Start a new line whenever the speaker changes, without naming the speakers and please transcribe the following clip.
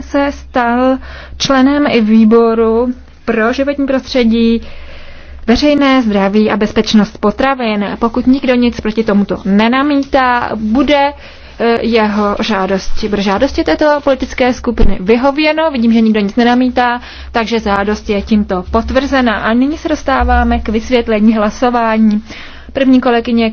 se stal členem i výboru pro životní prostředí, veřejné zdraví a bezpečnost potravin. Pokud nikdo nic proti tomuto nenamítá, bude eh, jeho žádosti. Bude žádosti této politické skupiny vyhověno, vidím, že nikdo nic nenamítá, takže žádost je tímto potvrzena. A nyní se dostáváme k vysvětlení hlasování. První kolegyně